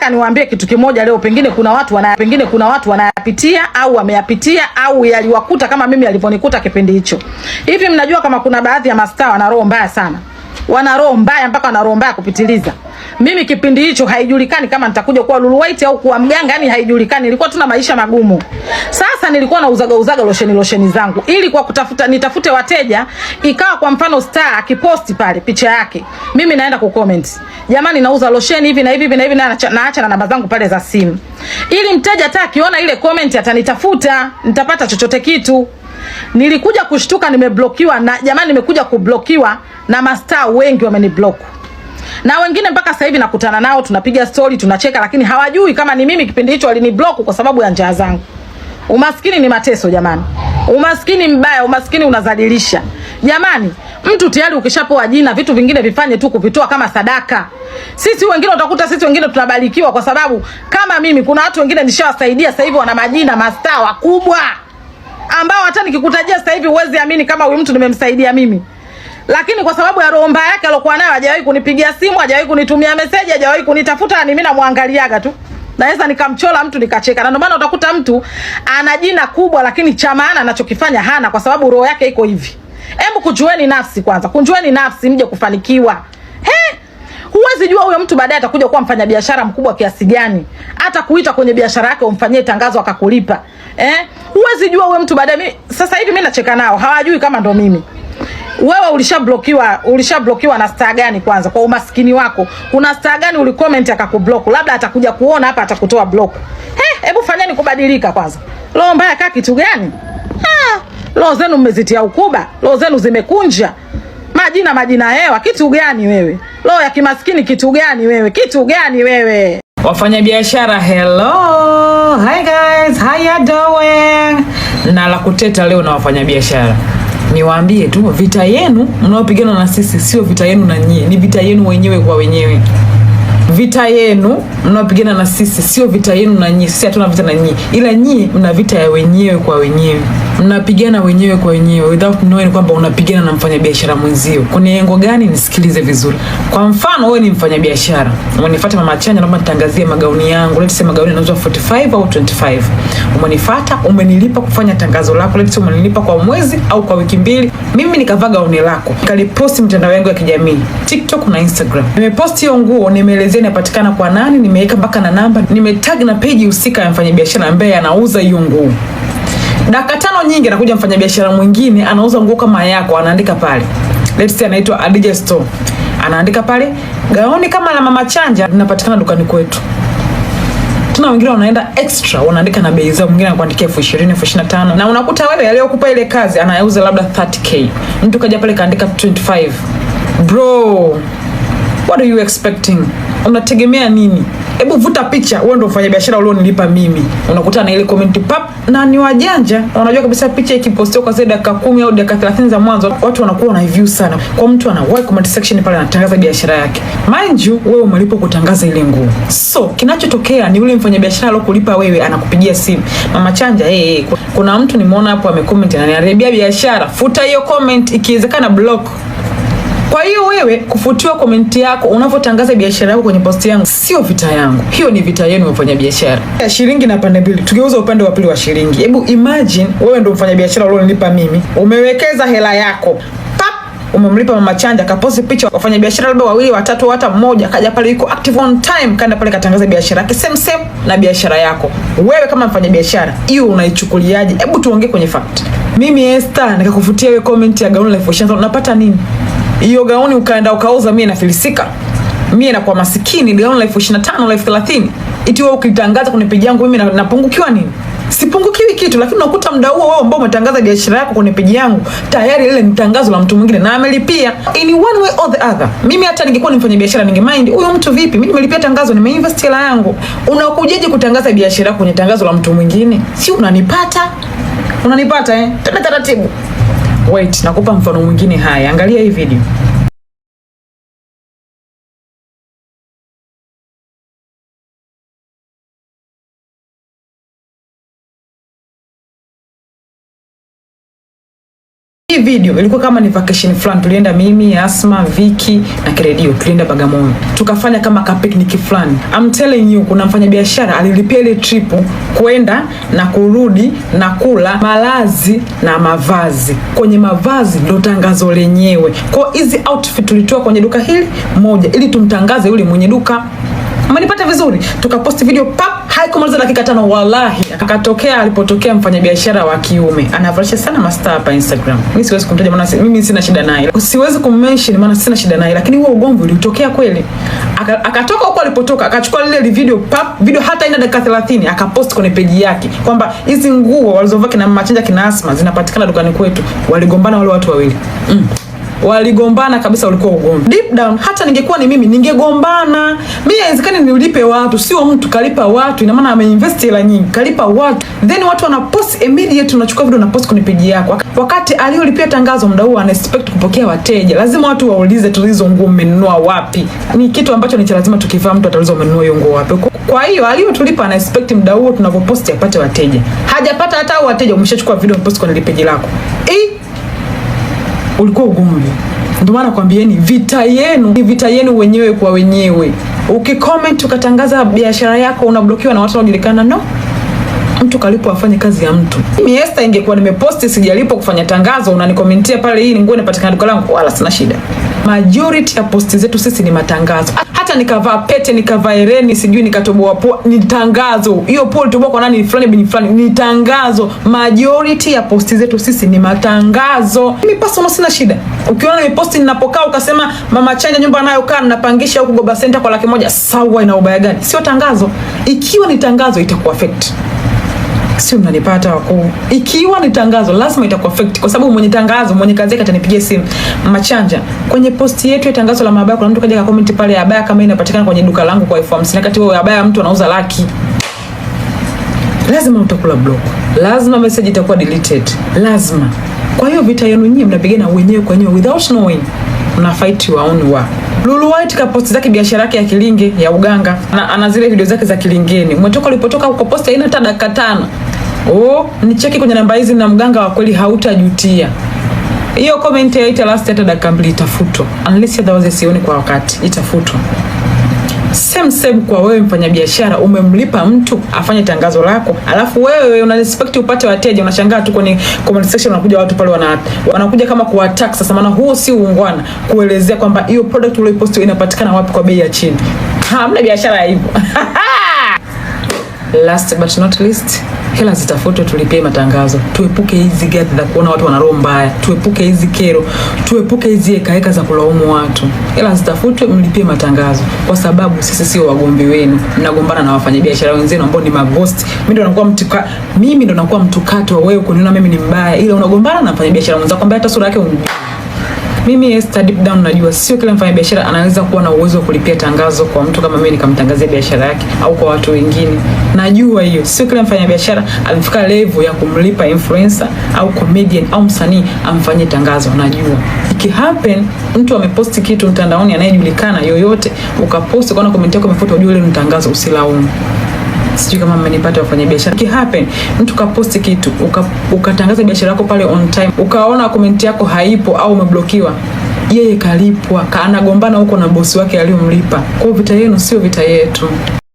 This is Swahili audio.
nataka niwaambie kitu kimoja leo, pengine kuna watu wana, pengine kuna watu wanayapitia au wameyapitia au yaliwakuta kama mimi yalivyonikuta kipindi hicho. Hivi mnajua kama kuna baadhi ya mastaa wana roho mbaya sana? wana roho mbaya, mpaka wana roho mbaya kupitiliza. Mimi kipindi hicho haijulikani kama nitakuja kuwa Lulu White au kuwa mganga, yani haijulikani, nilikuwa tuna maisha magumu. Sasa nilikuwa na uzaga uzaga losheni losheni zangu ili kwa kutafuta nitafute wateja. Ikawa kwa mfano star akiposti pale picha yake, mimi naenda ku comment, jamani, nauza losheni hivi na hivi na hivi, na naacha na namba zangu pale za simu, ili mteja hata akiona ile comment atanitafuta, nitapata chochote kitu. Nilikuja kushtuka nimeblokiwa, na jamani, nimekuja kublokiwa na mastaa wengi wameniblock, na wengine mpaka sasa hivi nakutana nao, tunapiga story, tunacheka, lakini hawajui kama ni mimi kipindi hicho aliniblock kwa sababu ya njaa zangu. Umaskini ni mateso jamani, umaskini mbaya, umaskini unazalilisha jamani. Mtu tayari ukishapewa jina, vitu vingine vifanye tu kuvitoa kama sadaka. Sisi wengine utakuta sisi wengine tunabarikiwa kwa sababu kama mimi, kuna watu wengine nishawasaidia sasa hivi wana majina mastaa wakubwa hata nikikutajia sasa hivi huwezi amini kama huyu mtu nimemsaidia mimi, lakini kwa sababu ya roho mbaya yake aliyokuwa nayo, hajawahi kunipigia simu, hajawahi kunitumia message, hajawahi kunitafuta. Ni mimi namwangaliaga tu, naweza nikamchola mtu nikacheka, na ndio maana utakuta mtu ana jina kubwa, lakini cha maana anachokifanya hana, kwa sababu roho yake iko hivi. Hebu kujueni nafsi kwanza, kujueni nafsi mje kufanikiwa. He, huwezi jua huyo mtu baadaye atakuja kuwa mfanyabiashara mkubwa kiasi gani, hata kuita kwenye biashara yake umfanyie tangazo akakulipa eh? Huwezi jua wewe mtu baadaye. Sasa hivi mimi nacheka nao, hawajui kama ndo mimi. Wewe ulishablokiwa, ulishablokiwa na star gani kwanza? Kwa umaskini wako, kuna star gani ulicomment akakublock? Labda atakuja kuona hapa atakutoa block. He, eh, hebu fanyeni kubadilika kwanza. Roho mbaya kaa kitu gani? Ah, roho zenu mmezitia ukuba, roho zenu zimekunja majina majina hewa. Kitu gani wewe? Roho ya kimaskini kitu gani wewe? Kitu gani wewe? Wafanyabiashara, hello Hi guys, how you doing? Na la kuteta leo na wafanyabiashara, niwaambie tu vita yenu mnaopigana na sisi sio vita yenu na nyie, ni vita yenu wenyewe kwa wenyewe vita yenu mnapigana na sisi sio vita yenu na nyinyi, sisi hatuna vita na nyinyi, ila nyinyi mna vita ya wenyewe kwa wenyewe, mnapigana wenyewe kwa wenyewe without knowing kwamba unapigana na mfanyabiashara mwenzio. Kuna lengo gani? Nisikilize vizuri. Kwa mfano, wewe ni mfanyabiashara, umenifuata Mama Chanya, naomba nitangazie magauni yangu, let's say magauni yanauzwa 45 au 25. Umenifuata, umenilipa kufanya tangazo lako, let's say umenilipa kwa mwezi au kwa wiki mbili, mimi nikavaa gauni lako, nikaliposti mtandao wangu ya kijamii TikTok na Instagram, nimeposti hiyo nguo, nimeelezea inapatikana kwa nani, nimeweka mpaka na namba, nimetag na peji husika ya mfanyabiashara ambaye anauza hiyo nguo. Dakika tano nyingi anakuja mfanyabiashara mwingine anauza nguo kama yako, anaandika pale, let's say anaitwa Adija Store, anaandika pale gaoni kama la mama Chanja linapatikana dukani kwetu. na wengine wanaenda extra, wanaandika na bei zao, mwingine anakuandikia elfu ishirini elfu ishirini na tano na unakuta wewe aliyokupa ile kazi anayeuza labda 30k, mtu kaja pale kaandika 25 bro, what are you expecting? unategemea nini? Hebu vuta picha, wewe ndio mfanyabiashara ulionilipa mimi. Unakuta na ile comment pap, na ni wajanja na wanajua kabisa picha ikipostiwa kwa zaidi ya dakika kumi au dakika 30 za mwanzo watu wanakuwa na view sana, kwa mtu ana anawahi comment section pale anatangaza biashara yake. Mind you, wewe umelipa kutangaza ile nguo, so kinachotokea ni yule mfanyabiashara aliyokulipa wewe anakupigia simu, mama chanja, eh hey, eh, hey. Kuna mtu nimeona hapo amecomment ananiharibia biashara, futa hiyo comment, ikiwezekana block kwa hiyo wewe kufutiwa komenti yako unavyotangaza biashara yako kwenye posti yangu sio vita yangu, hiyo ni vita yenu wafanya biashara. ya Shilingi na pande mbili, tugeuza upande wa pili wa shilingi. Hebu imagine wewe ndio biashara ulionipa mimi, umewekeza hela yako umemlipa Mama Chanja kaposti picha wafanya biashara labda wawili watatu hata mmoja kaja pale yuko active on time, kaenda pale katangaza biashara yake same same na biashara yako. Wewe kama mfanya biashara hiyo unaichukuliaje? Hebu tuongee kwenye fact. Mimi Esther nikakufutia wewe comment ya gauni la elfu ishirini unapata nini? hiyo gauni ukaenda ukauza, mie nafilisika, mie nakuwa masikini. Gauni la elfu ishirini na tano la elfu thelathini iti wewe ukitangaza kwenye peji yangu mimi napungukiwa nini? Sipungukiwi kitu, lakini unakuta muda huo wao ambao umetangaza biashara yako kwenye peji yangu tayari ile ni tangazo la mtu mwingine na amelipia. In one way or the other, mimi hata ningekuwa nimfanya biashara ningemind huyo mtu vipi? Mimi nimelipia tangazo, nimeinvest hela yangu. Unakujaje kutangaza biashara kwenye tangazo la mtu mwingine? Si unanipata? Unanipata eh? Tena taratibu. Wait, nakupa mfano mwingine. Haya, angalia hii video. video ilikuwa kama ni vacation fulani, tulienda mimi, Asma, Viki na Kiredio, tulienda Bagamoyo tukafanya kama ka picnic fulani. I'm telling you, kuna mfanyabiashara alilipia ile trip kwenda na kurudi na kula malazi na mavazi. Kwenye mavazi ndo tangazo lenyewe. Kwa hizi outfit tulitoa kwenye duka hili moja ili tumtangaze yule mwenye duka. Umenipata vizuri? Tukaposti video pap haikumaliza dakika tano, wallahi akatokea alipotokea mfanyabiashara wa kiume anavalisha sana masta hapa Instagram. Mimi siwezi kumtaja, maana mimi sina shida naye, siwezi kummention, maana sina shida naye, lakini huo ugomvi ulitokea kweli. Akatoka huko alipotoka, akachukua lile video pap, video hata ina dakika 30, akapost kwenye peji yake kwamba hizi nguo walizovaa kina machanja kina Asma zinapatikana dukani kwetu. Waligombana wale watu wawili mm waligombana kabisa, walikuwa ugomvi deep down. Hata ningekuwa ni mimi ningegombana mimi, haiwezekani nilipe watu, sio mtu kalipa watu, ina maana ameinvest hela nyingi, kalipa watu, then watu wana post immediate, unachukua video na post kwenye page yako, wakati aliyolipia tangazo muda huo ana expect kupokea wateja. Lazima watu waulize, tulizo nguo mmenunua wapi? Ni kitu ambacho ni cha lazima tukivaa, mtu atauliza umenunua hiyo nguo wapi? Kwa hiyo aliyotulipa ana expect muda huo tunavyoposti apate wateja, hajapata hata wateja, umeshachukua video post kwenye page lako eh ulikuwa ugomvi. Ndio maana kwambieni vita yenu ni vita yenu wenyewe kwa wenyewe. Ukicomment ukatangaza biashara yako unablokiwa na watu wanaojulikana no mtu kalipo afanye kazi ya mtu. Mimi Esther, ingekuwa nimeposti sijalipo kufanya tangazo, unanikomentia pale, hii ni nguo inapatikana duka langu, wala sina shida. Majority ya posti zetu sisi ni matangazo hata nikavaa pete nikavaa hereni sijui nikatoboa pua, ni tangazo. Hiyo pua ulitoboa kwa nani? Fulani bin fulani, ni tangazo. Majority ya posti zetu sisi ni matangazo. Mimi personal sina shida, ukiona ni posti ninapokaa ukasema mama Chanja nyumba anayokaa ninapangisha huko Goba Center kwa laki moja, sawa, ina ubaya gani? Sio tangazo. Ikiwa ni tangazo itakuwa affect sio, mnanipata wako. Ikiwa ni tangazo lazima itaku affect, kwa sababu mwenye tangazo, mwenye kazi yake atanipigia simu. Machanja, kwenye posti yetu ya tangazo la mabaya, kuna mtu kaja akacomment comment pale, abaya kama inapatikana kwenye duka langu kwa elfu hamsini wakati wewe abaya mtu anauza laki lazima utakula block, lazima message itakuwa deleted, lazima. Kwa hiyo vita yenu nyinyi mnapigana wenyewe kwa wenyewe without knowing na fight waoni wa Lulu White kaposti zake biashara yake ya kilinge ya uganga na ana zile video zake za kilingeni. mwetoko ulipotoka uko posti haina hata dakika tano. Oh, cheki kwenye namba hizi na mganga wa kweli hautajutia. Hiyo comment ya ita last hata dakika mbili itafutwa. Unless otherwise sioni kwa wakati itafutwa same same kwa wewe mfanyabiashara, umemlipa mtu afanye tangazo lako, alafu wewe una respect upate wateja. Unashangaa tu kwenye comment section wanakuja watu pale wana, wanakuja kama ku attack. Sasa maana huo si uungwana kuelezea kwamba hiyo product uliyopost inapatikana wapi kwa bei ya chini. Hamna biashara hivyo. Last but not least, hela zitafutwe, tulipie matangazo, tuepuke hizi gati za kuona watu wana roho mbaya, tuepuke hizi kero, tuepuke hizi hekaheka za kulaumu watu. Hela zitafutwe, mlipie matangazo, kwa sababu sisi sio wagombi wenu. Mnagombana na wafanyabiashara wenzenu ambao ni magosti. Mimi ndo nakuwa mtuka, mimi ndo nakuwa mtukato wa wewe kuniona mimi ni mbaya, ila unagombana na mfanyabiashara mwenzako ambaye hata sura yake unajua. Mimi Esther deep down najua sio kila biashara anaweza kuwa na uwezo wa kulipia tangazo kwa mtu kama mimi nikamtangazia biashara yake au kwa watu wengine. Najua hiyo sio kila mfanyabiashara amefika level ya kumlipa influencer au comedian au msanii amfanyie tangazo. Najua iki happen mtu ameposti kitu mtandaoni anayejulikana yoyote, ukaposti kwa na comment yako imefuta, ujue ile ni tangazo, usilaumu sijui kama mmenipata wafanya biashara. Ki happen mtu kaposti kitu ukatangaza uka biashara yako pale on time, ukaona komenti yako haipo au umeblokiwa, yeye kalipwa, anagombana huko na bosi wake aliyomlipa. Kwa vita yenu sio vita yetu.